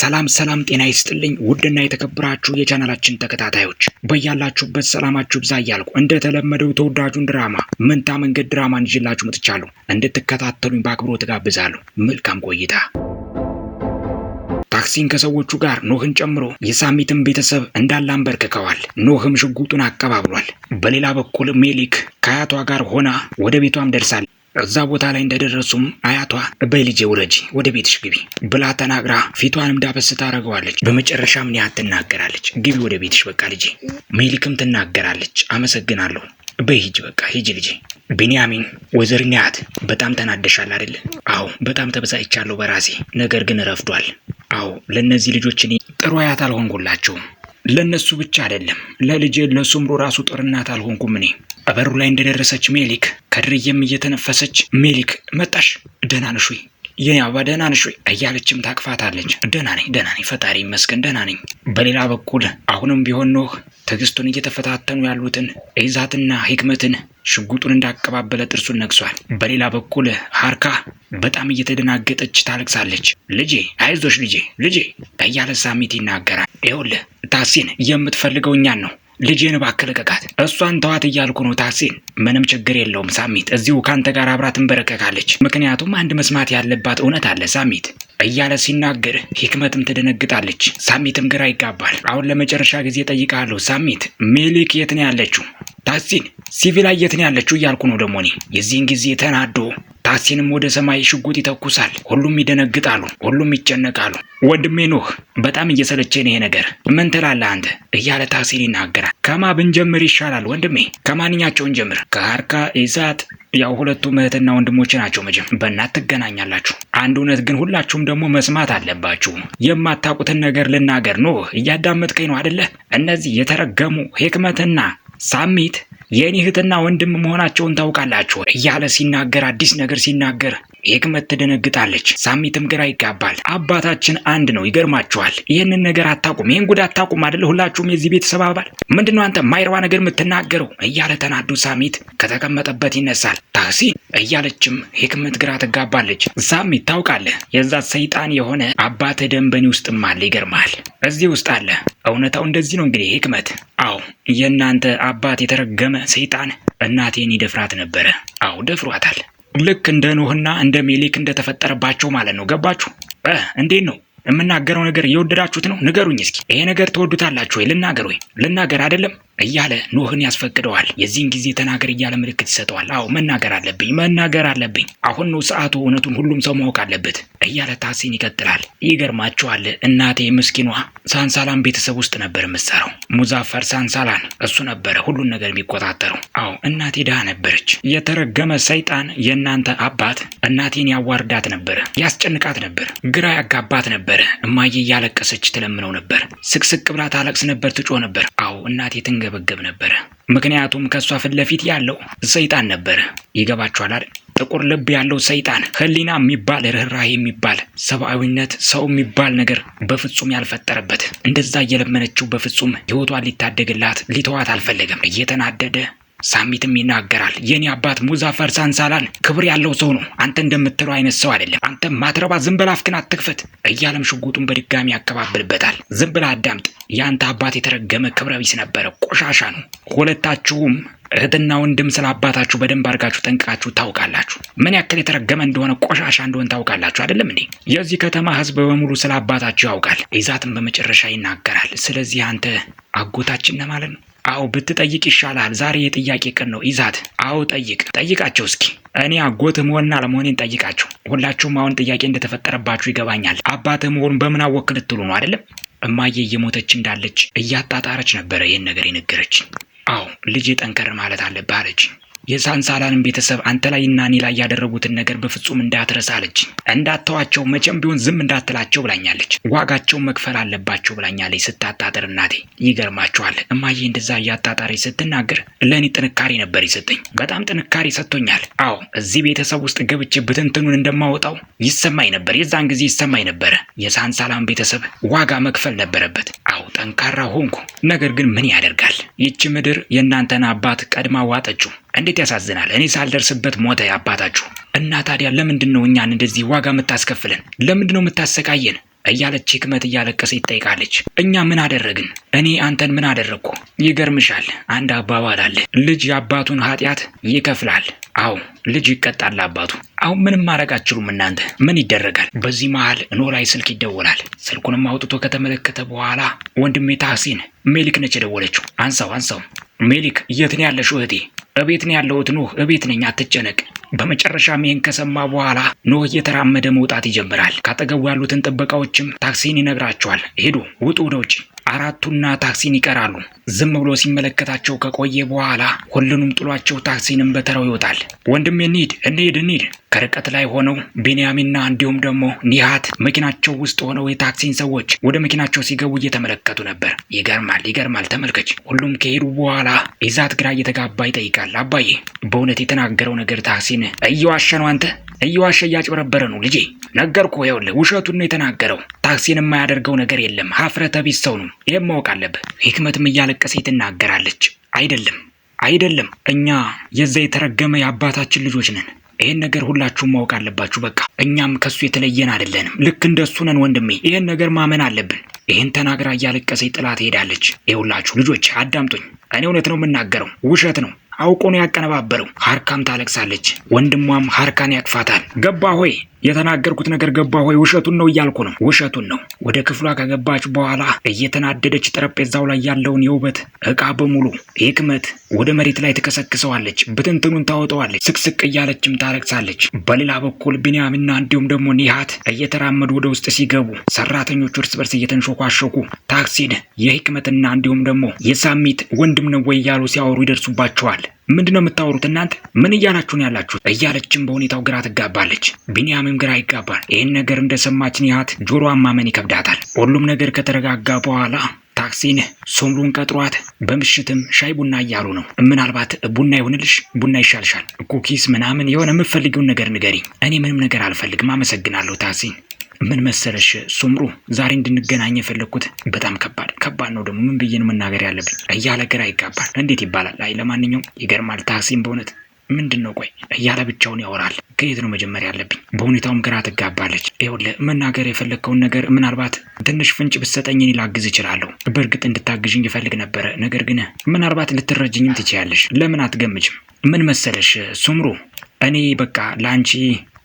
ሰላም ሰላም፣ ጤና ይስጥልኝ ውድና የተከበራችሁ የቻናላችን ተከታታዮች በያላችሁበት ሰላማችሁ ብዛ እያልኩ እንደተለመደው ተወዳጁን ድራማ መንታ መንገድ ድራማን ይዤላችሁ መጥቻለሁ። እንድትከታተሉኝ በአክብሮት ጋብዛለሁ። መልካም ቆይታ። ታክሲን ከሰዎቹ ጋር ኖህን ጨምሮ የሳሚትን ቤተሰብ እንዳላንበርክከዋል። ኖህም ሽጉጡን አቀባብሏል። በሌላ በኩል ሜሊክ ከአያቷ ጋር ሆና ወደ ቤቷም ደርሳለች። እዛ ቦታ ላይ እንደደረሱም አያቷ በይ ልጄ ውረጂ፣ ወደ ቤትሽ ግቢ ብላ ተናግራ ፊቷን እንዳበስ ታደርገዋለች። ምን ያህል ትናገራለች፣ ግቢ ወደ ቤትሽ በቃ ልጄ። ሜሊክም ትናገራለች፣ አመሰግናለሁ በይ ሂጂ፣ በቃ ሂጂ ልጄ። ቢንያሚን ወይዘር ኒያት በጣም ተናደሻል አይደል? አዎ በጣም ተበሳጭቻለሁ በራሴ ነገር ግን ረፍዷል። አዎ ለእነዚህ ልጆች እኔ ጥሩ አያት አልሆንኩላቸውም። ለእነሱ ብቻ አይደለም ለልጄ ለሱምሩ ራሱ ጥሩ እናት አልሆንኩም እኔ በበሩ ላይ እንደደረሰች ሜሊክ ከድርዬም እየተነፈሰች ሜሊክ መጣሽ፣ ደህና ነሽ ወይ? የኔ አበባ ደህና ነሽ ወይ? እያለችም ታቅፋታለች። ደህና ነኝ፣ ደህና ነኝ፣ ፈጣሪ ይመስገን ደህና ነኝ። በሌላ በኩል አሁንም ቢሆን ኖህ ትዕግስቱን እየተፈታተኑ ያሉትን ኢዛትና ሂክመትን ሽጉጡን እንዳቀባበለ ጥርሱን ነግሷል። በሌላ በኩል ሀርካ በጣም እየተደናገጠች ታለቅሳለች። ልጄ አይዞሽ ልጄ ልጄ እያለ ሳሚት ይናገራል። ይኸውልህ ታሲን የምትፈልገው እኛን ነው ልጄን እባክህ ልቀቃት፣ እሷን ተዋት እያልኩ ነው ታሲን። ምንም ችግር የለውም ሳሚት፣ እዚሁ ከአንተ ጋር አብራ ትንበረከካለች። ምክንያቱም አንድ መስማት ያለባት እውነት አለ ሳሚት እያለ ሲናገር ሂክመትም ትደነግጣለች። ሳሚትም ግራ ይጋባል። አሁን ለመጨረሻ ጊዜ ጠይቃለሁ ሳሚት፣ ሜሊክ የት ነው ያለችው? ታሲን ሲቪላ የት ነው ያለችው እያልኩ ነው ደግሞ እኔ። የዚህን ጊዜ ተናዶ ታሲንም ወደ ሰማይ ሽጉጥ ይተኩሳል። ሁሉም ይደነግጣሉ፣ ሁሉም ይጨነቃሉ። ወንድሜ ኖህ በጣም እየሰለቸን ይሄ ነገር ምን ትላለህ አንተ እያለ ታሲን ይናገራል። ከማ ብንጀምር ይሻላል ወንድሜ? ከማንኛቸውን ጀምር? ከሀርካ ኢዛት ያው ሁለቱ እህትና ወንድሞች ናቸው። መቼም በእናት ትገናኛላችሁ። አንድ እውነት ግን ሁላችሁም ደግሞ መስማት አለባችሁ። የማታውቁትን ነገር ልናገር ኖህ፣ እያዳመጥከኝ ነው አደለ? እነዚህ የተረገሙ ሂክመትና Summit የእኔ እህትና ወንድም መሆናቸውን ታውቃላችሁ እያለ ሲናገር አዲስ ነገር ሲናገር ሄክመት ትደነግጣለች። ሳሚትም ግራ ይጋባል። አባታችን አንድ ነው። ይገርማችኋል። ይህንን ነገር አታቁም፣ ይህን ጉድ አታቁም አደለ? ሁላችሁም የዚህ ቤተሰብ አባል ምንድነው አንተ ማይረባ ነገር የምትናገረው? እያለ ተናዱ ሳሚት ከተቀመጠበት ይነሳል። ታክሲ እያለችም ሄክመት ግራ ትጋባለች። ሳሚት ታውቃለህ፣ የዛ ሰይጣን የሆነ አባተ ደንበኔ ውስጥም አለ። ይገርማል፣ እዚህ ውስጥ አለ። እውነታው እንደዚህ ነው እንግዲህ ሄክመት። አዎ የእናንተ አባት የተረገመ ሰይጣን እናቴን ይደፍራት ነበረ። አዎ ደፍሯታል። ልክ እንደ ኖህና እንደ ሜሌክ እንደተፈጠረባቸው ማለት ነው። ገባችሁ? እንዴት ነው የምናገረው ነገር እየወደዳችሁት ነው? ንገሩኝ እስኪ። ይሄ ነገር ትወዱታላችሁ ወይ? ልናገር ወይ? ልናገር አይደለም እያለ ኖህን ያስፈቅደዋል። የዚህን ጊዜ ተናገር እያለ ምልክት ይሰጠዋል። አዎ መናገር አለብኝ፣ መናገር አለብኝ። አሁን ነው ሰዓቱ፣ እውነቱን ሁሉም ሰው ማወቅ አለበት እያለ ታሲን ይቀጥላል። ይገርማችኋል፣ እናቴ ምስኪኗ ሳንሳላን ቤተሰብ ውስጥ ነበር የምትሰራው። ሙዛፈር ሳንሳላን እሱ ነበረ ሁሉን ነገር የሚቆጣጠረው። አዎ እናቴ ድሃ ነበረች። የተረገመ ሰይጣን የእናንተ አባት እናቴን ያዋርዳት ነበረ፣ ያስጨንቃት ነበር፣ ግራ ያጋባት ነበረ። እማዬ እያለቀሰች ትለምነው ነበር፣ ስቅስቅ ብላ ታለቅስ ነበር፣ ትጮ ነበር። አዎ እናቴ ትንገ ያንገበገብ ነበረ። ምክንያቱም ከእሷ ፊት ለፊት ያለው ሰይጣን ነበረ። ይገባችኋል አይደል? ጥቁር ልብ ያለው ሰይጣን፣ ህሊና የሚባል ርኅራህ የሚባል ሰብአዊነት፣ ሰው የሚባል ነገር በፍጹም ያልፈጠረበት እንደዛ እየለመነችው በፍጹም ህይወቷን ሊታደግላት ሊተዋት አልፈለገም። እየተናደደ ሳሚትም ይናገራል። የኔ አባት ሙዛፈር ሳንሳላል ክብር ያለው ሰው ነው። አንተ እንደምትለው አይነት ሰው አይደለም። አንተ ማትረባ ዝም አፍክን አትክፈት እያለም ሽጉጡን በድጋሚ ያከባብልበታል። ዝም አዳምጥ። የአንተ አባት የተረገመ ክብረ ቢስ ነበረ፣ ቆሻሻ ነው። ሁለታችሁም እህትና ወንድም ስለ አባታችሁ በደንብ አድርጋችሁ ጠንቅቃችሁ ታውቃላችሁ። ምን ያክል የተረገመ እንደሆነ ቆሻሻ እንደሆነ ታውቃላችሁ አይደለም እንዴ? የዚህ ከተማ ህዝብ በሙሉ ስለ አባታችሁ ያውቃል። ይዛትም በመጨረሻ ይናገራል። ስለዚህ አንተ አጎታችን ነህ ማለት ነው። አዎ ብትጠይቅ ይሻላል። ዛሬ የጥያቄ ቀን ነው። ይዛት አዎ ጠይቅ። ጠይቃቸው እስኪ እኔ አጎት መሆንና አለመሆኔን ጠይቃቸው። ሁላችሁም አሁን ጥያቄ እንደተፈጠረባችሁ ይገባኛል። አባት መሆኑ በምን አወቅ ልትሉ ነው አይደለም? እማዬ እየሞተች እንዳለች እያጣጣረች ነበረ ይህን ነገር የነገረች። አዎ ልጄ ጠንከር ማለት አለብህ አለች። የሳንሳራንም ቤተሰብ አንተ ላይ እና እኔ ላይ ያደረጉትን ነገር በፍጹም እንዳትረሳ አለች። እንዳትተዋቸው መቼም ቢሆን ዝም እንዳትላቸው ብላኛለች። ዋጋቸውን መክፈል አለባቸው ብላኛለች ስታጣጥር እናቴ። ይገርማችኋል እማዬ እንደዛ እያጣጣሪ ስትናገር ለእኔ ጥንካሬ ነበር ይሰጠኝ። በጣም ጥንካሬ ሰጥቶኛል። አዎ እዚህ ቤተሰብ ውስጥ ገብቼ ብትንትኑን እንደማወጣው ይሰማኝ ነበር። የዛን ጊዜ ይሰማኝ ነበረ። የሳንሳላን ቤተሰብ ዋጋ መክፈል ነበረበት። አዎ ጠንካራ ሆንኩ። ነገር ግን ምን ያደርጋል ይቺ ምድር የእናንተን አባት ቀድማ ዋጠችው። እንዴት ያሳዝናል! እኔ ሳልደርስበት ሞተ አባታችሁ። እና ታዲያ ለምንድን ነው እኛን እንደዚህ ዋጋ የምታስከፍለን? ለምንድን ነው የምታሰቃየን? እያለች ህክመት እያለቀሰ ይጠይቃለች። እኛ ምን አደረግን? እኔ አንተን ምን አደረግኩ? ይገርምሻል፣ አንድ አባባል አለ፣ ልጅ የአባቱን ኃጢአት ይከፍላል። አዎ ልጅ ይቀጣል አባቱ። አሁን ምንም ማድረግ አትችሉም እናንተ። ምን ይደረጋል? በዚህ መሀል ኖላዊ ስልክ ይደወላል። ስልኩንም አውጥቶ ከተመለከተ በኋላ ወንድሜ ታህሲን፣ ሜሊክ ነች የደወለችው። አንሳው አንሳው ሜሊክ የት ነው ያለሽ? እህቴ እቤት ነው ያለሁት። ኖህ እቤት ነኝ፣ አትጨነቅ። በመጨረሻም ይህን ከሰማ በኋላ ኖህ እየተራመደ መውጣት ይጀምራል። ካጠገቡ ያሉትን ጥበቃዎችም ታክሲን ይነግራቸዋል። ሄዱ፣ ውጡ ወደ ውጭ። አራቱና ታክሲን ይቀራሉ። ዝም ብሎ ሲመለከታቸው ከቆየ በኋላ ሁሉንም ጥሏቸው ታክሲንም በተራው ይወጣል። ወንድሜ እንሂድ፣ እንሂድ፣ እንሂድ ከርቀት ላይ ሆነው ቢንያሚንና እንዲሁም ደግሞ ኒሃት መኪናቸው ውስጥ ሆነው የታክሲን ሰዎች ወደ መኪናቸው ሲገቡ እየተመለከቱ ነበር። ይገርማል ይገርማል። ተመልከች። ሁሉም ከሄዱ በኋላ ኢዛት ግራ እየተጋባ ይጠይቃል። አባዬ በእውነት የተናገረው ነገር ታክሲን እየዋሸ ነው። አንተ እየዋሸ እያጭበረበረ ነው ልጄ። ነገርኩህ። ይኸውልህ ውሸቱን ነው የተናገረው። ታክሲን የማያደርገው ነገር የለም። ሀፍረተ ቢስ ሰው ነው። ይህም ማወቅ አለብህ። ህክመትም እያለቀሰ ትናገራለች። አይደለም አይደለም፣ እኛ የዛ የተረገመ የአባታችን ልጆች ነን ይሄን ነገር ሁላችሁም ማወቅ አለባችሁ። በቃ እኛም ከሱ የተለየን አይደለንም። ልክ እንደሱ ነን ወንድሜ። ይሄን ነገር ማመን አለብን። ይህን ተናግራ እያለቀሰኝ ጥላት ሄዳለች። ሁላችሁ ልጆች አዳምጡኝ። እኔ እውነት ነው የምናገረው፣ ውሸት ነው አውቆ ነው ያቀነባበረው። ሀርካም ታለቅሳለች። ወንድሟም ሀርካን ያቅፋታል። ገባ ሆይ የተናገርኩት ነገር ገባ ሆይ? ውሸቱን ነው እያልኩ ነው፣ ውሸቱን ነው። ወደ ክፍሏ ከገባች በኋላ እየተናደደች ጠረጴዛው ላይ ያለውን የውበት እቃ በሙሉ ህክመት ወደ መሬት ላይ ትከሰክሰዋለች፣ ብትንትኑን ታወጠዋለች። ስቅስቅ እያለችም ታለቅሳለች። በሌላ በኩል ቢንያምና እንዲሁም ደግሞ ኒሃት እየተራመዱ ወደ ውስጥ ሲገቡ ሰራተኞቹ እርስ በርስ እየተንሾኳሸኩ ታክሲድ የህክመትና እንዲሁም ደግሞ የሳሚት ወንድም ነው ወይ እያሉ ሲያወሩ ይደርሱባቸዋል። ምንድን ነው የምታወሩት እናንተ? ምን እያላችሁ ነው ያላችሁት? እያለችም በሁኔታው ግራ ትጋባለች። ቢንያምም ግራ ይጋባል። ይህን ነገር እንደሰማች ኒሀት ጆሮዋን ማመን ይከብዳታል። ሁሉም ነገር ከተረጋጋ በኋላ ታክሲን ሶምሩን ቀጥሯት በምሽትም ሻይ ቡና እያሉ ነው። ምናልባት ቡና ይሆንልሽ፣ ቡና ይሻልሻል፣ ኩኪስ ምናምን የሆነ የምፈልጊውን ነገር ንገሪ። እኔ ምንም ነገር አልፈልግም፣ አመሰግናለሁ ታክሲን ምን መሰለሽ ሱምሩ፣ ዛሬ እንድንገናኝ የፈለግኩት በጣም ከባድ ከባድ ነው። ደግሞ ምን ብዬን መናገር ያለብኝ እያለ ግራ ይጋባል። እንዴት ይባላል? አይ ለማንኛውም ይገርማል። ታክሲም በእውነት ምንድን ነው ቆይ እያለ ብቻውን ያወራል። ከየት ነው መጀመሪያ ያለብኝ? በሁኔታውም ግራ ትጋባለች። ይኸውልህ መናገር የፈለግከውን ነገር ምናልባት ትንሽ ፍንጭ ብትሰጠኝ እኔ ላግዝ እችላለሁ። በእርግጥ እንድታግዥኝ ይፈልግ ነበረ፣ ነገር ግን ምናልባት ልትረጅኝም ትችያለሽ። ለምን አትገምጅም? ምን መሰለሽ ሱምሩ፣ እኔ በቃ ለአንቺ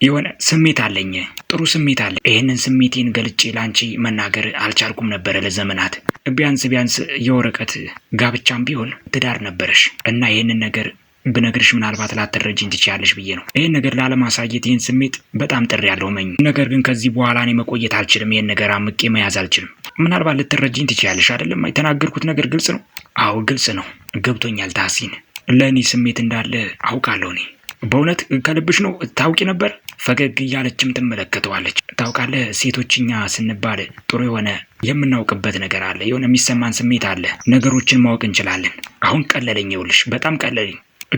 የሆነ ስሜት አለኝ፣ ጥሩ ስሜት አለ። ይህንን ስሜቴን ገልጬ ላንቺ መናገር አልቻልኩም ነበረ ለዘመናት። ቢያንስ ቢያንስ የወረቀት ጋብቻም ቢሆን ትዳር ነበረሽ እና ይህንን ነገር ብነግርሽ ምናልባት ላትረጅኝ ትችያለሽ ብዬ ነው ይህን ነገር ላለማሳየት ይህን ስሜት በጣም ጥሪ ያለው መኝ። ነገር ግን ከዚህ በኋላ እኔ መቆየት አልችልም። ይህን ነገር አምቄ መያዝ አልችልም። ምናልባት ልትረጅኝ ትችያለሽ። አይደለም የተናገርኩት ነገር ግልጽ ነው። አዎ ግልጽ ነው፣ ገብቶኛል። ታሲን ለእኔ ስሜት እንዳለ አውቃለሁ። እኔ በእውነት ከልብሽ ነው ታውቂ ነበር ፈገግ እያለችም ትመለከተዋለች። ታውቃለህ ሴቶችኛ ስንባል ጥሩ የሆነ የምናውቅበት ነገር አለ፣ የሆነ የሚሰማን ስሜት አለ። ነገሮችን ማወቅ እንችላለን። አሁን ቀለለኝ፣ ይኸውልሽ በጣም ቀለለኝ።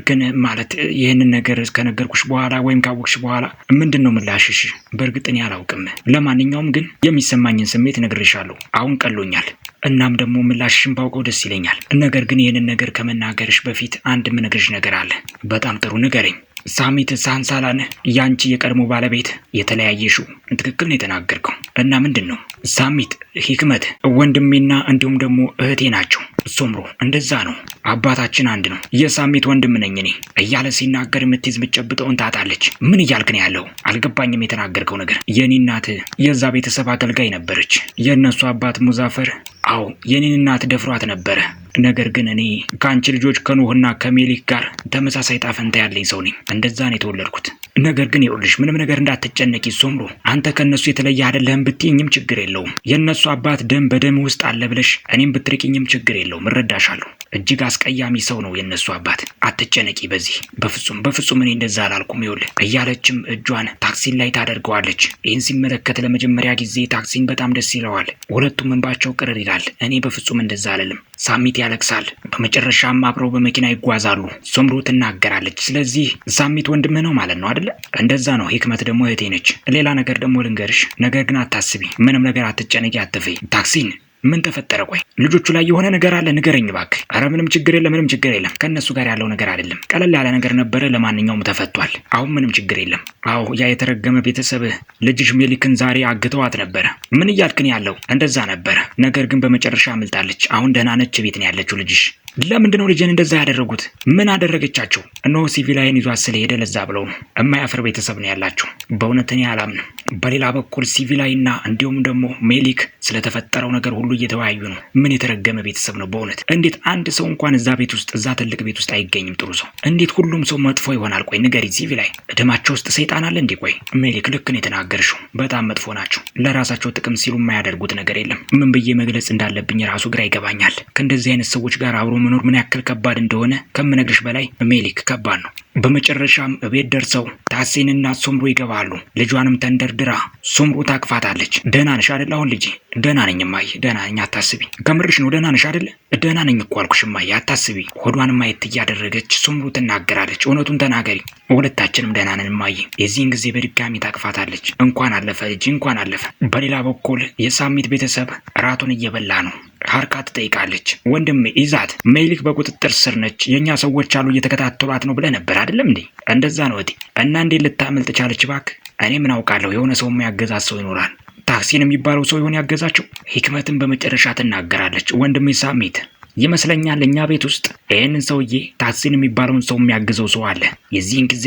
ግን ማለት ይህንን ነገር ከነገርኩሽ በኋላ ወይም ካወቅሽ በኋላ ምንድን ነው ምላሽሽ? በእርግጥ እኔ አላውቅም። ለማንኛውም ግን የሚሰማኝን ስሜት ነግሬሻለሁ። አሁን ቀሎኛል። እናም ደግሞ ምላሽሽን ባውቀው ደስ ይለኛል። ነገር ግን ይህንን ነገር ከመናገርሽ በፊት አንድ ምነግርሽ ነገር አለ። በጣም ጥሩ ንገረኝ። ሳሚት ሳንሳላን ያንቺ የቀድሞ ባለቤት የተለያየሽው ትክክል ነው የተናገርከው። እና ምንድን ነው ሳሚት፣ ሂክመት ወንድሜና እንዲሁም ደግሞ እህቴ ናቸው። ሶምሮ እንደዛ ነው አባታችን አንድ ነው። የሳሚት ወንድም ነኝ እኔ እያለ ሲናገር የምትይዝ የምትጨብጠውን ታጣለች። ምን እያልክ ነው ያለው? አልገባኝም የተናገርከው ነገር። የኔ እናት የዛ ቤተሰብ አገልጋይ ነበረች። የእነሱ አባት ሙዛፈር፣ አዎ የኔን እናት ደፍሯት ነበረ። ነገር ግን እኔ ከአንቺ ልጆች ከኖህና ከሜሊክ ጋር ተመሳሳይ ጣፈንታ ያለኝ ሰው ነኝ። እንደዛ ነው የተወለድኩት። ነገር ግን ይኸውልሽ ምንም ነገር እንዳትጨነቂ ሶምሮ አንተ ከእነሱ የተለየ አይደለህም ብትይኝም ችግር የለውም። የእነሱ አባት ደም በደም ውስጥ አለ ብለሽ እኔም ብትርቅኝም ችግር የለውም። እረዳሻለሁ። እጅግ አስቀያሚ ሰው ነው የእነሱ አባት። አትጨነቂ በዚህ በፍጹም በፍጹም እኔ እንደዛ አላልኩም። ይኸውልህ እያለችም እጇን ታክሲን ላይ ታደርገዋለች። ይህን ሲመለከት ለመጀመሪያ ጊዜ ታክሲን በጣም ደስ ይለዋል። ሁለቱም እንባቸው ቅርር ይላል። እኔ በፍጹም እንደዛ አልልም። ሳሚት ያለቅሳል። በመጨረሻም አብረው በመኪና ይጓዛሉ። ሶምሮ ትናገራለች። ስለዚህ ሳሚት ወንድምህ ነው ማለት ነው አደለ? እንደዛ ነው። ህክመት ደግሞ እህቴ ነች። ሌላ ነገር ደግሞ ልንገርሽ፣ ነገር ግን አታስቢ፣ ምንም ነገር አትጨነቂ፣ አትፈይ ታክሲን ምን ተፈጠረ? ቆይ ልጆቹ ላይ የሆነ ነገር አለ፣ ንገረኝ ባክ። አረ ምንም ችግር የለም፣ ምንም ችግር የለም። ከእነሱ ጋር ያለው ነገር አይደለም፣ ቀለል ያለ ነገር ነበረ። ለማንኛውም ተፈቷል። አሁን ምንም ችግር የለም። አዎ ያ የተረገመ ቤተሰብ ልጅሽ ሜሊክን ዛሬ አግተዋት ነበረ። ምን እያልክን ያለው? እንደዛ ነበረ። ነገር ግን በመጨረሻ አምልጣለች። አሁን ደህና ነች። ቤት ነው ያለችው ልጅሽ ለምንድን ነው ልጅን እንደዛ ያደረጉት? ምን አደረገቻቸው? እነሆ ሲቪላይን ይዟት ስለሄደ ለዛ ብለው ነው። የማያፍር ቤተሰብ ነው ያላችሁ። በእውነት እኔ አላምንም። በሌላ በኩል ሲቪላይና እንዲሁም ደግሞ ሜሊክ ስለተፈጠረው ነገር ሁሉ እየተወያዩ ነው። ምን የተረገመ ቤተሰብ ነው በእውነት! እንዴት አንድ ሰው እንኳን እዛ ቤት ውስጥ እዛ ትልቅ ቤት ውስጥ አይገኝም? ጥሩ ሰው እንዴት ሁሉም ሰው መጥፎ ይሆናል? ቆይ ንገሪኝ ሲቪላይ፣ እድማቸው ውስጥ ሰይጣን አለ እንዴ? ቆይ ሜሊክ፣ ልክ ነው የተናገርሽው። በጣም መጥፎ ናቸው። ለራሳቸው ጥቅም ሲሉ የማያደርጉት ነገር የለም። ምን ብዬ መግለጽ እንዳለብኝ ራሱ ግራ ይገባኛል። ከእንደዚህ አይነት ሰዎች ጋር አብሮ መኖር ምን ያክል ከባድ እንደሆነ ከምነግርሽ በላይ ሜሊክ፣ ከባድ ነው። በመጨረሻም እቤት ደርሰው ታሴንና ሶምሮ ይገባሉ። ልጇንም ተንደርድራ ሱምሩ ታቅፋታለች። ደህና ነሽ አይደል? አሁን ልጄ ደህና ነኝ እማዬ፣ ደህና ነኝ አታስቢ። ከምርሽ ነው? ደህና ነሽ አይደል? ደህና ነኝ እኮ አልኩሽ እማዬ፣ አታስቢ። ሆዷን ማየት እያደረገች ሱምሩ ትናገራለች። እውነቱን ተናገሪ። ሁለታችንም ደህና ነን እማዬ። የዚህን ጊዜ በድጋሚ ታቅፋታለች። እንኳን አለፈ ልጄ፣ እንኳን አለፈ። በሌላ በኩል የሳሚት ቤተሰብ እራቱን እየበላ ነው። ሀርካ ትጠይቃለች። ወንድም ይዛት ሜሊክ በቁጥጥር ስር ነች፣ የእኛ ሰዎች አሉ እየተከታተሏት ነው ብለህ ነበር አይደለም እንዴ? እንደዛ ነው እቴ። እና እንዴ ልታመልጥ ቻለች? እባክህ እኔ ምን አውቃለሁ። የሆነ ሰው የሚያገዛት ሰው ይኖራል። ታክሲን የሚባለው ሰው ይሆን ያገዛቸው? ሂክመትን በመጨረሻ ትናገራለች። ወንድሜ ሳሚት ይመስለኛል እኛ ቤት ውስጥ ይህንን ሰውዬ ታክሲን የሚባለውን ሰው የሚያግዘው ሰው አለ። የዚህን ጊዜ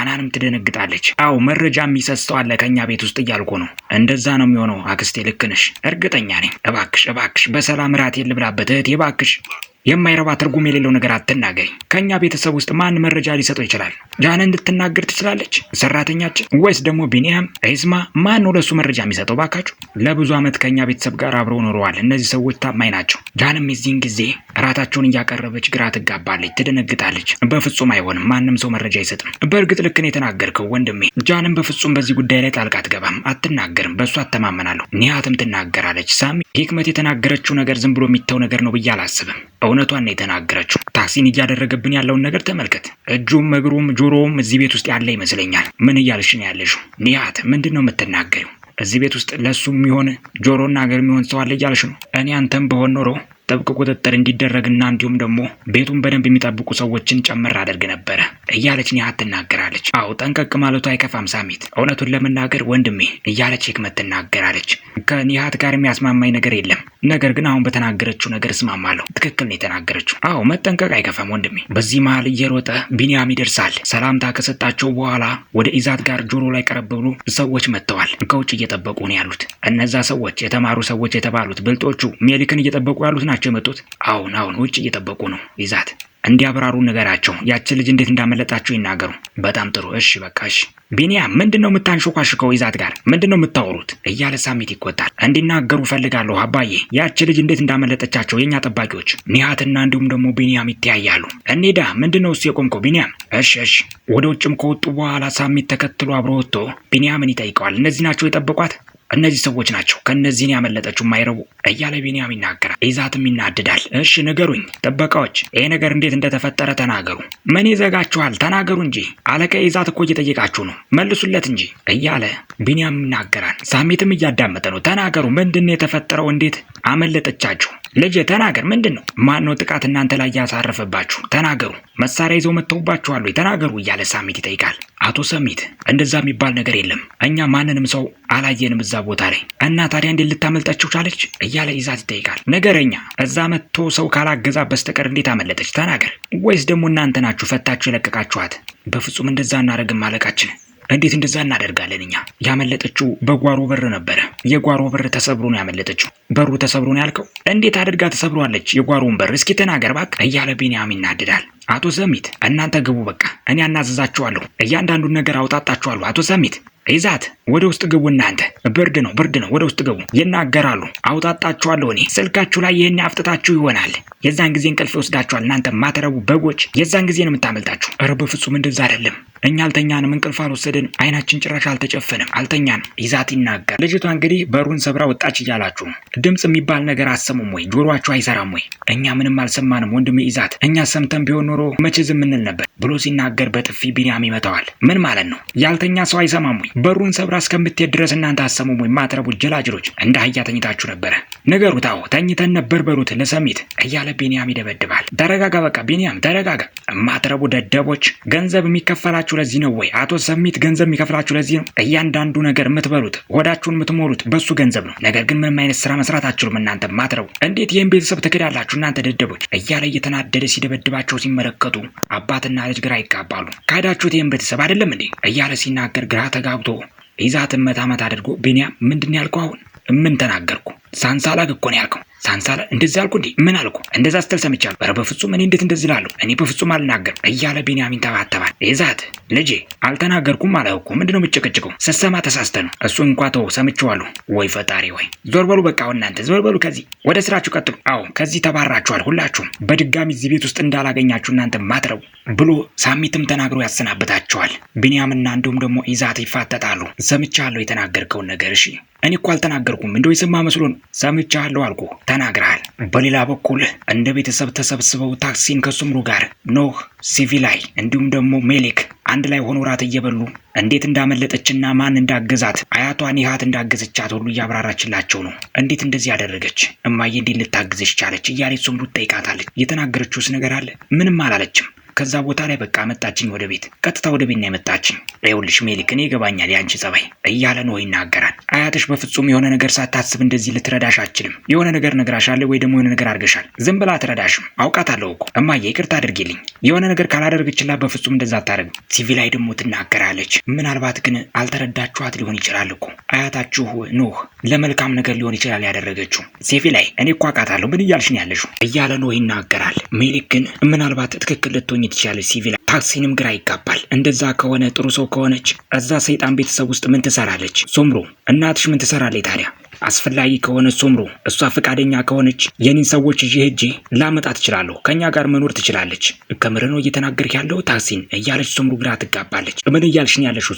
ቃናንም ትደነግጣለች። አዎ መረጃ አለ ከኛ ቤት ውስጥ እያልኩ ነው። እንደዛ ነው የሚሆነው። አክስቴ ልክ ነሽ፣ እርግጠኛ ነኝ። እባክሽ እባክሽ፣ በሰላም እራቴን ልብላበት እህቴ፣ እባክሽ የማይረባ ትርጉም የሌለው ነገር አትናገኝ። ከእኛ ቤተሰብ ውስጥ ማን መረጃ ሊሰጠው ይችላል? ጃን እንድትናገር ትችላለች? ሰራተኛችን ወይስ ደግሞ ቢኒያም፣ ኤዝማ ማን ነው ለእሱ መረጃ የሚሰጠው? ባካችሁ፣ ለብዙ ዓመት ከእኛ ቤተሰብ ጋር አብረው ኖረዋል። እነዚህ ሰዎች ታማኝ ናቸው። ጃንም የዚህን ጊዜ እራታቸውን እያቀረበች ግራ ትጋባለች፣ ትደነግጣለች። በፍጹም አይሆንም፣ ማንም ሰው መረጃ አይሰጥም። በእርግጥ ልክን የተናገርከው ወንድሜ። ጃንም በፍጹም በዚህ ጉዳይ ላይ ጣልቃ አትገባም፣ አትናገርም። በእሱ አተማመናለሁ። ኒያትም ትናገራለች። ሳሚ፣ ሂክመት የተናገረችው ነገር ዝም ብሎ የሚተው ነገር ነው ብዬ አላስብም። እውነቷን ነው የተናገረችው። ታክሲን እያደረገብን ያለውን ነገር ተመልከት። እጁም እግሩም ጆሮውም እዚህ ቤት ውስጥ ያለ ይመስለኛል። ምን እያልሽ ነው ያለሽው? ኒያት ምንድን ነው የምትናገሪው? እዚህ ቤት ውስጥ ለእሱ የሚሆን ጆሮና እግር የሚሆን ሰው አለ እያልሽ ነው? እኔ አንተም በሆን ኖሮ ጥብቅ ቁጥጥር እንዲደረግና እንዲሁም ደግሞ ቤቱን በደንብ የሚጠብቁ ሰዎችን ጨምር አደርግ ነበረ እያለች ኒሀት ትናገራለች። አዎ ጠንቀቅ ማለቱ አይከፋም ሳሚት፣ እውነቱን ለመናገር ወንድሜ እያለች ህክመት ትናገራለች። ከኒሀት ጋር የሚያስማማኝ ነገር የለም፣ ነገር ግን አሁን በተናገረችው ነገር እስማማለሁ። ትክክል ነው የተናገረችው። አዎ መጠንቀቅ አይከፋም ወንድሜ። በዚህ መሀል እየሮጠ ቢኒያም ይደርሳል። ሰላምታ ከሰጣቸው በኋላ ወደ ኢዛት ጋር ጆሮ ላይ ቀረብ ብሎ ሰዎች መጥተዋል። ከውጭ እየጠበቁ ነው ያሉት። እነዛ ሰዎች የተማሩ ሰዎች የተባሉት ብልጦቹ ሜሊክን እየጠበቁ ያሉት ናቸው። ናቸው የመጡት? አሁን አሁን ውጭ እየጠበቁ ነው። ይዛት እንዲያብራሩ ነገራቸው። ያችን ልጅ እንዴት እንዳመለጣቸው ይናገሩ። በጣም ጥሩ እሺ፣ በቃ እሺ። ቢኒያም ምንድን ነው የምታንሾካሽከው? ይዛት ጋር ምንድን ነው የምታወሩት? እያለ ሳሚት ይቆጣል። እንዲናገሩ ፈልጋለሁ አባዬ፣ ያች ልጅ እንዴት እንዳመለጠቻቸው የእኛ ጠባቂዎች ኒሃትና እንዲሁም ደግሞ ቢኒያም ይተያያሉ። እኔዳ ምንድን ነው እሱ የቆምከው? ቢኒያም እሺ፣ እሺ። ወደ ውጭም ከወጡ በኋላ ሳሚት ተከትሎ አብሮ ወጥቶ ቢኒያምን ይጠይቀዋል። እነዚህ ናቸው የጠበቋት? እነዚህ ሰዎች ናቸው ከእነዚህን ያመለጠችው ማይረቡ እያለ ቢንያም ይናገራል። ኢዛትም ይናደዳል እሺ ንገሩኝ ጥበቃዎች፣ ይሄ ነገር እንዴት እንደተፈጠረ ተናገሩ። ምን ይዘጋችኋል? ተናገሩ እንጂ አለቃ ኢዛት እኮ እየጠየቃችሁ ነው፣ መልሱለት እንጂ እያለ ቢንያም ይናገራል። ሳሚትም እያዳመጠ ነው። ተናገሩ፣ ምንድን ነው የተፈጠረው? እንዴት አመለጠቻችሁ? ልጄ ተናገር፣ ምንድን ነው? ማን ነው ጥቃት እናንተ ላይ ያሳረፈባችሁ? ተናገሩ፣ መሳሪያ ይዘው መጥተውባችኋል? ተናገሩ እያለ ሳሚት ይጠይቃል። አቶ ሰሚት እንደዛ የሚባል ነገር የለም፣ እኛ ማንንም ሰው አላየንም እዛ ቦታ ላይ እና ታዲያ እንዴት ልታመልጣቸው ቻለች? እያለ ይዛት ይጠይቃል። ነገረኛ እዛ መጥቶ ሰው ካላገዛ በስተቀር እንዴት አመለጠች? ተናገር። ወይስ ደግሞ እናንተ ናችሁ ፈታችሁ የለቀቃችኋት? በፍጹም እንደዛ እናደርግም አለቃችን እንዴት እንደዛ እናደርጋለን እኛ? ያመለጠችው በጓሮ በር ነበረ። የጓሮ በር ተሰብሮ ነው ያመለጠችው። በሩ ተሰብሮ ነው ያልከው? እንዴት አድርጋ ተሰብሯለች የጓሮውን በር? እስኪ ተናገር ባክ እያለ ቢንያም ይናደዳል። አቶ ሰሚት እናንተ ግቡ በቃ፣ እኔ አናዘዛችኋለሁ። እያንዳንዱን ነገር አውጣጣችኋለሁ። አቶ ሰሚት ይዛት ወደ ውስጥ ግቡ እናንተ። ብርድ ነው ብርድ ነው፣ ወደ ውስጥ ግቡ። ይናገራሉ፣ አውጣጣችኋለሁ እኔ። ስልካችሁ ላይ ይህን አፍጥታችሁ ይሆናል። የዛን ጊዜ እንቅልፍ ይወስዳችኋል። እናንተ ማተረቡ በጎች፣ የዛን ጊዜ ነው የምታመልጣችሁ። ኧረ በፍጹም እንደዛ አይደለም። እኛ አልተኛንም፣ እንቅልፍ አልወሰድን፣ አይናችን ጭራሽ አልተጨፈንም፣ አልተኛንም። ይዛት ይናገር። ልጅቷ እንግዲህ በሩን ሰብራ ወጣች እያላችሁ ድምፅ የሚባል ነገር አሰሙም ወይ? ጆሮአችሁ አይሰራም ወይ? እኛ ምንም አልሰማንም ወንድሜ ይዛት፣ እኛ ሰምተን ቢሆን ኖሮ መቼ ዝም እንል ነበር ብሎ ሲናገር በጥፊ ቢንያም ይመታዋል። ምን ማለት ነው? ያልተኛ ሰው አይሰማም ወይ? በሩን ሰብራ እስከምትሄድ ድረስ እናንተ አሰሙም የማትረቡ ጀላጅሎች እንደ አህያ ተኝታችሁ ነበረ። ንገሩት፣ አዎ ተኝተን ነበር በሩት ለሰሚት እያለ ቢንያም ይደበድባል። ተረጋጋ፣ በቃ ቢንያም ተረጋጋ። የማትረቡ ደደቦች፣ ገንዘብ የሚከፈላችሁ ለዚህ ነው ወይ? አቶ ሰሚት ገንዘብ የሚከፍላችሁ ለዚህ ነው። እያንዳንዱ ነገር የምትበሉት ሆዳችሁን የምትሞሉት በሱ ገንዘብ ነው። ነገር ግን ምንም አይነት ስራ መስራት አትችሉም እናንተ ማትረቡ። እንዴት ይህን ቤተሰብ ትክዳላችሁ እናንተ ደደቦች? እያለ እየተናደደ ሲደበድባቸው ሲመለከቱ አባትና ልጅ ግራ ይጋባሉ። ካዳችሁት ይህን ቤተሰብ አይደለም እንዴ? እያለ ሲናገር ግራ ተጋብቶ ይዛትን መታመት አድርጎ ቢኒያም ምንድን ያልከው አሁን? ምን ተናገርኩ? ሳንሳላግ እኮ ነው ያልከው። ሳንሳለ እንደዚህ አልኩ እንዴ? ምን አልኩ? እንደዛ ስትል ሰምቻለሁ። ኧረ በፍጹም እኔ እንዴት እንደዚህ እላለሁ? እኔ በፍጹም አልናገርም እያለ ቤንያሚን ተባተባል። ይዛት ልጄ አልተናገርኩም አለ እኮ ምንድን ነው የምጨቀጭቀው? ስትሰማ ተሳስተ ነው እሱ እንኳ ተው ሰምቼዋለሁ። ወይ ፈጣሪ ወይ ዞር በሉ በቃ እናንተ ዞር በሉ ከዚህ ወደ ስራችሁ ቀጥሉ። አዎ ከዚህ ተባራችኋል ሁላችሁም። በድጋሚ እዚህ ቤት ውስጥ እንዳላገኛችሁ እናንተ ማትረቡ ብሎ ሳሚትም ተናግሮ ያሰናብታቸዋል። ቢንያምና እንዲሁም ደግሞ ይዛት ይፋጠጣሉ። ሰምቻለሁ የተናገርከውን ነገር እሺ እኔ እኮ አልተናገርኩም፣ እንደው የሰማ መስሎ ነው። ሰምቻለሁ አልኩ። ተናግረሃል። በሌላ በኩል እንደ ቤተሰብ ተሰብስበው ታክሲን ከሱምሩ ጋር ኖህ፣ ሲቪላይ እንዲሁም ደግሞ ሜሌክ አንድ ላይ ሆኖ ራት እየበሉ እንዴት እንዳመለጠችና ማን እንዳገዛት አያቷ ኒሃት እንዳገዘቻት ሁሉ እያብራራችላቸው ነው። እንዴት እንደዚህ ያደረገች እማዬ እንዴት ልታግዝሽ ቻለች እያለች ሱምሩ ትጠይቃታለች። የተናገረችውስ ነገር አለ? ምንም አላለችም። ከዛ ቦታ ላይ በቃ መጣችኝ ወደ ቤት ቀጥታ ወደ ቤት ነው የመጣችኝ። ይኸውልሽ ሜሊክ፣ እኔ ይገባኛል የአንቺ ጸባይ እያለ ነው ይናገራል። አያትሽ በፍጹም የሆነ ነገር ሳታስብ እንደዚህ ልትረዳሽ አችልም። የሆነ ነገር ነግራሻለ ወይ ደግሞ የሆነ ነገር አድርገሻል። ዝም ብላ አትረዳሽም። አውቃታለሁ እኮ እማዬ፣ ይቅርታ አድርጊልኝ። የሆነ ነገር ካላደርግችላት በፍጹም እንደዛ አታደርግም። ሲቪ ላይ ደግሞ ትናገራለች። ምናልባት ግን አልተረዳችኋት ሊሆን ይችላል እኮ አያታችሁ ኖህ ለመልካም ነገር ሊሆን ይችላል ያደረገችው። ሴፊ ላይ እኔ እኮ አውቃታለሁ ምን እያልሽ ነው ያለሽው እያለ ነው ይናገራል። ሜሊክ ግን ምናልባት ትክክል ልትሆኝ ማግኘት ይችላለች ሲቪል ታክሲንም ግራ ይጋባል። እንደዛ ከሆነ ጥሩ ሰው ከሆነች እዛ ሰይጣን ቤተሰብ ውስጥ ምን ትሰራለች? ሶምሮ እናትሽ ምን ትሰራለች ታዲያ? አስፈላጊ ከሆነ ሶምሮ፣ እሷ ፈቃደኛ ከሆነች የኔን ሰዎች እዚህ ሄጄ ላመጣት ትችላለሁ። ከእኛ ጋር መኖር ትችላለች። ከምር ነው እየተናገርክ ያለው ታክሲን? እያለች ሶምሮ ግራ ትጋባለች። ምን እያልሽ ነው ያለሽው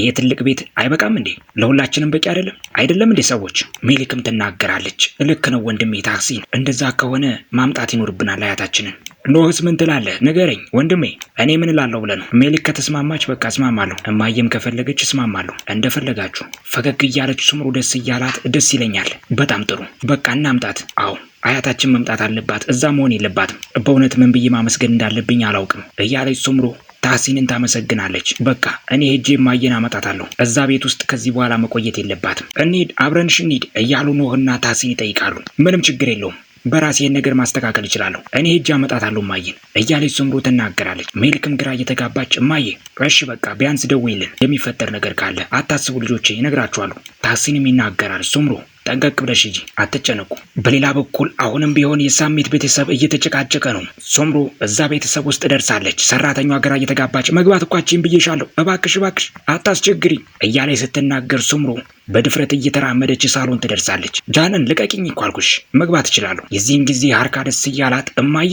ይሄ ትልቅ ቤት አይበቃም እንዴ? ለሁላችንም በቂ አይደለም አይደለም እንዴ ሰዎች? ሜሊክም ትናገራለች። ልክ ነው ወንድሜ ታክሲን፣ እንደዛ ከሆነ ማምጣት ይኖርብናል አያታችንን ኖህስ ምን ትላለህ? ንገረኝ ወንድሜ። እኔ ምን እላለሁ ብለህ ነው? ሜሊክ ከተስማማች በቃ እስማማለሁ። እማየም ከፈለገች እስማማለሁ። እንደፈለጋችሁ። ፈገግ እያለች ስምሩ ደስ እያላት ደስ ይለኛል። በጣም ጥሩ። በቃ እናምጣት። አዎ አያታችን መምጣት አለባት። እዛ መሆን የለባትም። በእውነት ምን ብዬ ማመስገን እንዳለብኝ አላውቅም እያለች ስምሩ ታሲንን ታመሰግናለች። በቃ እኔ ሄጄ ማየን አመጣታለሁ። እዛ ቤት ውስጥ ከዚህ በኋላ መቆየት የለባትም። እንሂድ፣ አብረንሽ እንሂድ እያሉ ኖህና ታሲን ይጠይቃሉ። ምንም ችግር የለውም በራሴ ነገር ማስተካከል እችላለሁ። እኔ ሄጄ አመጣታለሁ እማዬን እያለች ዝምሮ ትናገራለች። ሜልክም ግራ እየተጋባች እማዬ እሺ በቃ ቢያንስ ደውይልን የሚፈጠር ነገር ካለ አታስቡ ልጆቼ፣ ይነግራችኋለሁ ታሲንም ይናገራል ሱምሩ ጠንቀቅ ብለሽ ሂጂ፣ አትጨነቁ። በሌላ በኩል አሁንም ቢሆን የሳሚት ቤተሰብ እየተጨቃጨቀ ነው። ሶምሮ እዛ ቤተሰብ ውስጥ ደርሳለች። ሰራተኛ ግራ እየተጋባች መግባት እኳችን ብዬሻለሁ፣ እባክሽ እባክሽ አታስቸግሪ እያለች ስትናገር ሶምሮ በድፍረት እየተራመደች ሳሎን ትደርሳለች። ጃንን ልቀቂኝ እኮ አልኩሽ መግባት እችላለሁ። የዚህን ጊዜ ሀርካ ደስ እያላት እማዬ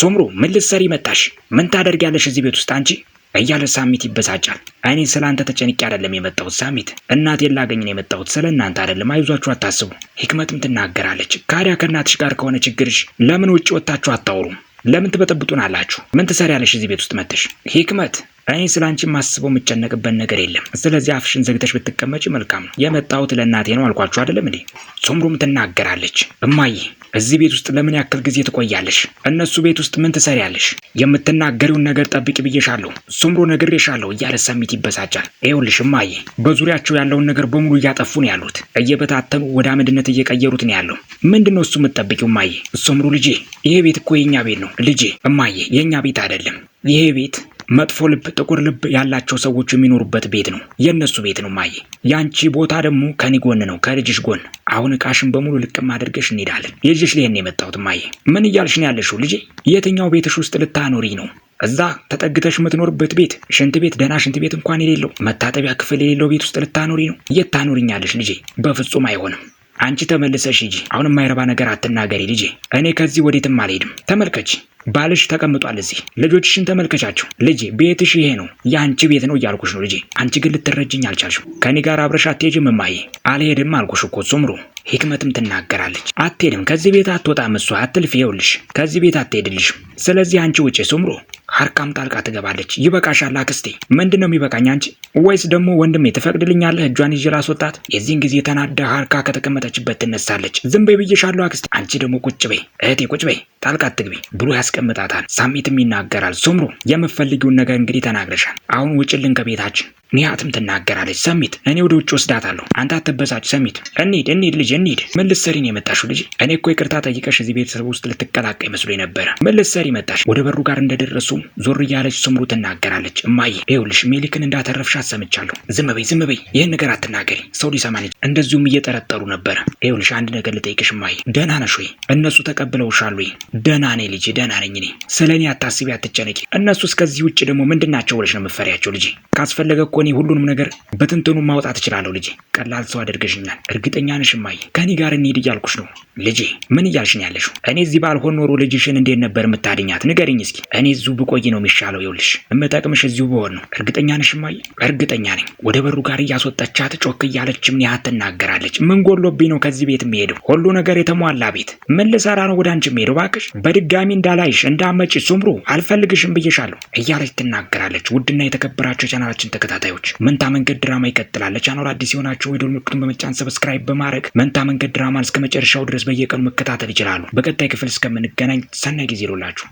ሶምሮ ምን ልትሰሪ መጣሽ? ምን ታደርጊያለሽ እዚህ ቤት ውስጥ አንቺ እያለ ሳሚት ይበሳጫል። እኔ ስለ አንተ ተጨንቄ አይደለም የመጣሁት ሳሚት፣ እናቴን ላገኝ ነው የመጣሁት፣ ስለ እናንተ አይደለም። አይዟችሁ፣ አታስቡ። ህክመትም ትናገራለች። ካሪያ ከእናትሽ ጋር ከሆነ ችግርሽ ለምን ውጭ ወጥታችሁ አታውሩም? ለምን ትበጠብጡን አላችሁ? ምን ትሰሪያለሽ እዚህ ቤት ውስጥ መጥተሽ? ህክመት እኔ ስለ አንቺ ማስበው የምጨነቅበት ነገር የለም። ስለዚህ አፍሽን ዘግተሽ ብትቀመጭ መልካም ነው። የመጣሁት ለእናቴ ነው አልኳችሁ አይደለም እንዴ? ሶምሩም ትናገራለች። እማዬ እዚህ ቤት ውስጥ ለምን ያክል ጊዜ ትቆያለሽ? እነሱ ቤት ውስጥ ምን ትሰሪያለሽ? የምትናገሪውን ነገር ጠብቂ ብዬሻለሁ፣ ሶምሮ ነግሬሻለሁ እያለ ሰሚት ይበሳጫል። ይኸውልሽ እማዬ በዙሪያቸው ያለውን ነገር በሙሉ እያጠፉ ነው ያሉት፣ እየበታተኑ ወደ አመድነት እየቀየሩት ነው ያለው። ምንድን ነው እሱ የምትጠብቂው? እማዬ ሶምሩ ልጄ፣ ይሄ ቤት እኮ የእኛ ቤት ነው ልጄ። እማዬ የእኛ ቤት አይደለም ይሄ ቤት መጥፎ ልብ፣ ጥቁር ልብ ያላቸው ሰዎች የሚኖሩበት ቤት ነው። የእነሱ ቤት ነው ማየ። ያንቺ ቦታ ደግሞ ከኔ ጎን ነው፣ ከልጅሽ ጎን። አሁን እቃሽን በሙሉ ልቅም አድርገሽ እንሄዳለን። ልጅሽ ልሄድ የመጣሁት ማየ። ምን እያልሽ ነው ያለሽው ልጄ? የትኛው ቤትሽ ውስጥ ልታኖሪ ነው? እዛ ተጠግተሽ የምትኖርበት ቤት ሽንት ቤት ደህና ሽንት ቤት እንኳን የሌለው መታጠቢያ ክፍል የሌለው ቤት ውስጥ ልታኖሪ ነው? የት ታኖሪኛለሽ ልጄ? በፍጹም አይሆንም። አንቺ ተመልሰሽ ሂጂ። አሁን የማይረባ ነገር አትናገሪ ልጄ። እኔ ከዚህ ወዴትም አልሄድም። ተመልከች ባልሽ ተቀምጧል እዚህ። ልጆችሽን ተመልከቻቸው። ልጄ ቤትሽ ይሄ ነው፣ የአንቺ ቤት ነው እያልኩሽ ነው ልጄ። አንቺ ግን ልትረጅኝ አልቻልሽም። ከኔ ጋር አብረሽ አትሄጂም እማዬ። አልሄድም አልኩሽ እኮ ሱምሩ ሂክመትም ትናገራለች። አትሄድም፣ ከዚህ ቤት አትወጣም፣ እሷ አትልፍ ይኸውልሽ ከዚህ ቤት አትሄድልሽም። ስለዚህ አንቺ ውጪ። ሱምሩ ሀርካም ጣልቃ ትገባለች። ይበቃሻል አክስቴ። ምንድን ነው የሚበቃኝ? አንቺ ወይስ ደግሞ ወንድሜ ትፈቅድልኛለህ? እጇን ይዤ ላስወጣት። የዚህን ጊዜ ተናዳ ሀርካ ከተቀመጠችበት ትነሳለች። ዝም በይ ብዬሻለሁ አክስቴ። አንቺ ደግሞ ቁጭ በይ እህቴ፣ ቁጭ በይ፣ ጣልቃ አትግቢ ብሎ ያስቀምጣታል። ሳሚትም ይናገራል። ሱምሩ የምትፈልጊውን ነገር እንግዲህ ተናግረሻል። አሁን ውጭልን ከቤታችን ኒያትም ትናገራለች። ሰሚት እኔ ወደ ውጭ ወስዳታለሁ። አንተ አትበሳጭ ሰሚት። እንሂድ እንሂድ ልጅ እንሂድ። ምን ልትሰሪ ነው የመጣሽው ልጅ? እኔ እኮ ይቅርታ ጠይቀሽ እዚህ ቤተሰብ ውስጥ ልትቀላቀይ መስሎ ነበረ። ምን ልትሰሪ መጣሽ? ወደ በሩ ጋር እንደደረሱ ዞር እያለች ስምሩ ትናገራለች። እማዬ ይኸውልሽ ሜሊክን እንዳተረፍሽ አሰምቻለሁ። ዝም በይ ዝም በይ፣ ይህን ነገር አትናገሪ፣ ሰው ሊሰማን። እንደዚሁም እየጠረጠሩ ነበረ። ይኸውልሽ አንድ ነገር ልጠይቅሽ እማዬ፣ ደህና ነሽ ወይ? እነሱ ተቀብለውሻል ወይ? ደህና ነኝ ልጅ፣ ደህና ነኝ እኔ። ስለ እኔ አታስቢ፣ አትጨነቂ። እነሱ እስከዚህ ውጭ ደግሞ ምንድን ናቸው ብለሽ ነው የምትፈሪያቸው ልጅ ካስፈለገ እኮ እኔ ሁሉንም ነገር በትንትኑ ማውጣት እችላለሁ ልጄ። ቀላል ሰው አድርገሽኛል። እርግጠኛ ነሽ እማዬ? ከኔ ጋር እንሄድ እያልኩሽ ነው ልጄ። ምን እያልሽ ነው ያለሽው? እኔ እዚህ ባልሆን ኖሮ ልጅሽን እንዴት ነበር የምታድኛት? ንገሪኝ እስኪ። እኔ እዚሁ ብቆይ ነው የሚሻለው። ይኸውልሽ የምጠቅምሽ እዚሁ ብሆን ነው። እርግጠኛ ነሽ እማዬ? እርግጠኛ ነኝ። ወደ በሩ ጋር እያስወጣቻት ጮክ እያለች ምን ያህል ትናገራለች። ምን ጎሎብኝ ነው ከዚህ ቤት የምሄደው? ሁሉ ነገር የተሟላ ቤት። ምን ልሰራ ነው ወደ አንቺ የምሄደው? እባክሽ በድጋሚ እንዳላይሽ እንዳመጪ ሱምሩ፣ አልፈልግሽም ብዬሻለሁ እያለች ትናገራለች። ውድና የተከበራቸው ቻናላችን ተከታታይ ተከታታዮች መንታ መንገድ ድራማ ይቀጥላል። ለቻናሉ አዲስ የሆናችሁ የደወል ምልክቱን በመጫን ሰብስክራይብ በማድረግ መንታ መንገድ ድራማን እስከ መጨረሻው ድረስ በየቀኑ መከታተል ይችላሉ። በቀጣይ ክፍል እስከምንገናኝ ሰናይ ጊዜ ይሉላችሁ።